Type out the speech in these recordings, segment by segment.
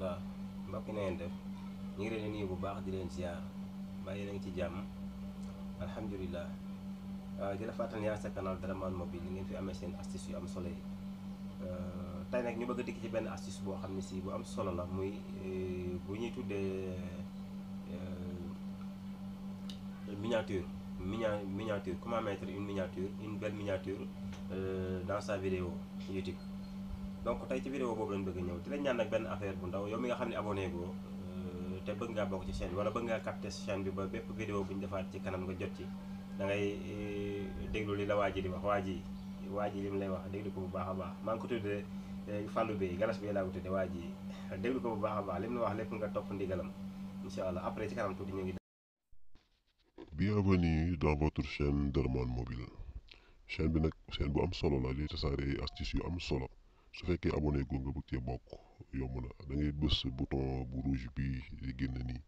rahmatullah mbokki na ngeen def ñu ngi leen di bu baax di leen ziar mbaa yéen ci jàmm alhamdulilah waaw di la fàttali yaa sa canal Dramane Mobile li ngeen fi amee seen astuce yu am solo yi euh, tey ñu bëgg a dikk ci benn astuce boo xam ne sii bu am solo la muy euh, bu ñuy tuddee euh, miniature miniature comment mettre une miniature une belle miniature dans sa vidéo YouTube donc tey ci vidéo boobu lañ bëgg ñëw di lañ ñaan nag benn affaire bu ndaw yow mi nga xam ne abonné goo euh, te bëgg ngaa bokk ci chaîne bi wala bëgg ngaa capter chaîne bi ba bépp vidéo bu ñu defaat ci kanam nga jot ci da euh, déglu li la waa ji di wax waa ji waa ji li mu lay wax déglu ko bu baax a baax maa ngi ko tuddee euh, fàllu bi galas bi laa ko tuddee waa ji déglu ko bu baax a baax li mu la wax lépp nga topp ndigalam incha allah après ci kanam tuuti ñu ngi. bienvenue dans votre chaîne Derman Mobile chaîne bi nag chaîne bu am solo la di tasaare astuce yu am solo. su fekkee abonné gu nga bëgg cee bokk yomb na da bës bouton bu rouge bi di génn nii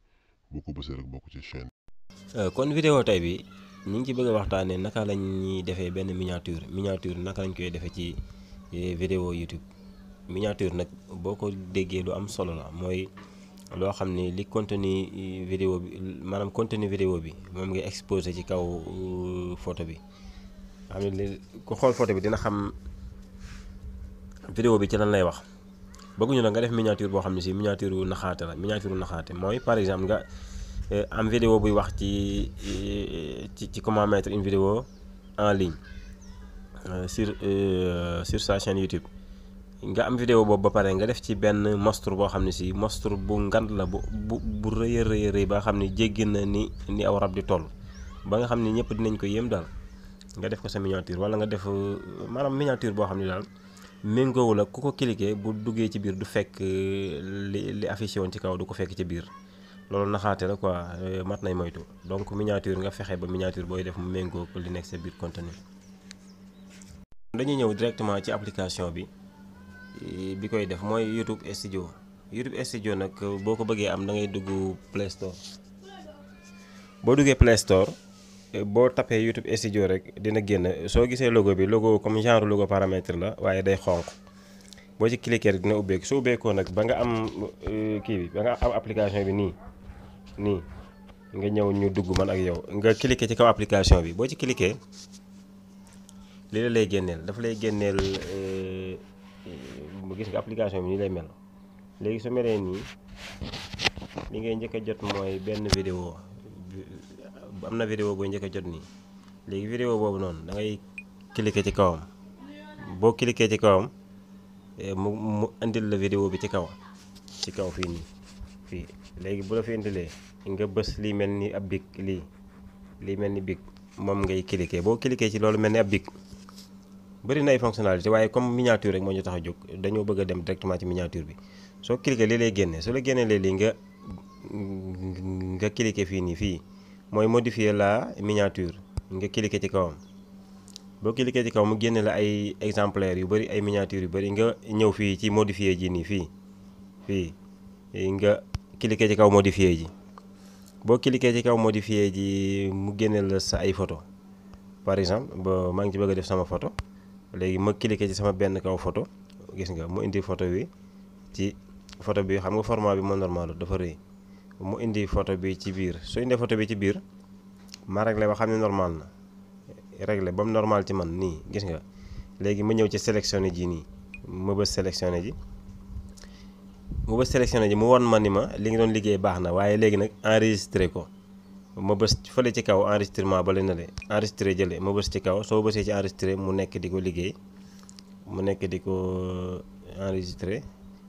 boo ko bësee rek bokk ci chaîne euh, kon vidéo tey bi ñu ngi ci bëgg a waxtaanee naka la ñuy defee benn miniature miniature naka lañ koy defee ci eh, vidéo YouTube miniature nag boo ko déggee lu am solo la mooy loo xam ne li contenu eh, vidéo bi maanaam contenu vidéo bi moom ngi exposé ci kaw euh, photo bi ku xool photo bi dina xam vidéo bi ci lan lay wax bëgguñu la nga def miniature boo xam ne si miniature wu naxaate la miniature naxaate mooy par exemple nga eh, am buy wax ci eh, ci ci comment mettre vidéo en ligne euh, sur euh, sur nga am vidéo boobu ba pare nga def ci benn monstre boo xam ne si monstre bu ngand la bu bu bu rëy a rëy xam ne jéggi na ni ni aw rab di toll ba nga xam ne ñëpp dinañ ko yéem daal nga def ko sa miniature wala nga def euh, maanaam miniature boo xam ne daal. méngoowul ak ku ko cliquer bu duggee ci biir du fekk euh, li li affiché woon ci kaw du ko fekk ci biir loolu naxaate la quoi euh, mat nay moytu donc miniature nga fexe ba miniature booy def mu méngoo ko li nekk sa biir contenu dañuy ñëw directement ci application bi euh, bi koy def mooy YouTube Studio YouTube Studio nag boo ko bëggee am da ngay dugg Play Store boo duggee Play Store boo tapee YouTube studio rek dina génn soo gisee logo bi logo comme genre logo paramètre la waaye day xonq boo ci cliquer dina ubbeeku su ubbeekoo nag ba nga am euh, kii bi ba nga am application bi nii nii nga ñëw ñu dugg man ak yow nga cliquer ci kaw application bi boo ci cliquer li la lay génneel dafa lay génneel bu euh, gis nga application bi nii lay mel léegi su melee nii li ngay njëkk jot mooy benn vidéo am na vidéo booy njëkk a jot nii léegi vidéo boobu noonu dangay ngay ci kawam boo cliquer ci kawam eh, mu mu indil la vidéo bi ci kaw ci kaw fii nii fii léegi bu la fi indilee nga bës lii mel ni ab big lii lii mel ni big moom ngay cliquer boo cliquer ci loolu mel ni ab big bëri na ay fonctionnalité waaye comme miniature rek moo ñu tax a jóg dañoo bëgg a dem directement ci miniature bi soo cliquer lii lay génne su la génnee léeg-léeg nga nga cliquer fii nii fii mooy modifier la miniature nga cliquer ci kawam boo cliquer ci kaw mu génnee la ay exemplaires yu bari ay miniature yu bari nga ñëw fii ci modifier ji nii fii fii nga cliquer ci kaw modifier ji boo cliquer ci kaw modifier ji mu génne la sa ay photo par exemple ba maa ngi ci bëgg a def sama photo léegi ma cliquer ci sama benn kaw photo gis nga mu indi photo bi ci photo bi xam nga format bi moo normal dafa rëy mu indi photo bi ci biir su indee photo bi ci biir ma réglé ba xam ne normal na regle ba mu normal ci man nii gis nga léegi ma ñëw ci sélectionné ji nii ma bës sélectionné ji mu bës sélectionné ji won ma ni ma li nga doon liggéey baax na waaye léegi nag enregistré ko ma bës fële ci kaw enregistrement ba le na le enregistré jële ma bës ci kaw soo bësee ci enregistré mu nekk di ko liggéey mu nekk di ko euh, enregistré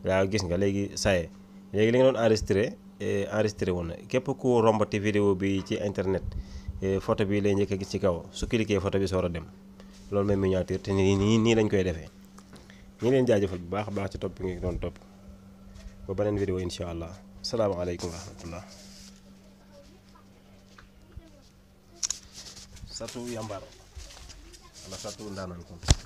waaw gis nga léegi saye léegi li nga doon enregistré Eh, enregistré wu na képp ku rombati vidéo bi ci internet eh, photo bi lay njëkk a gis ci kaw su cliquer photo bi soo a dem loolu mooy miniature te nii nii nii lañ koy defee ñi leen jaajëfal bu baax a baax ci topp bi nga doon topp ba beneen vidéo incha allah salaamaaleykum wa rahmatullah satu yambar wala satu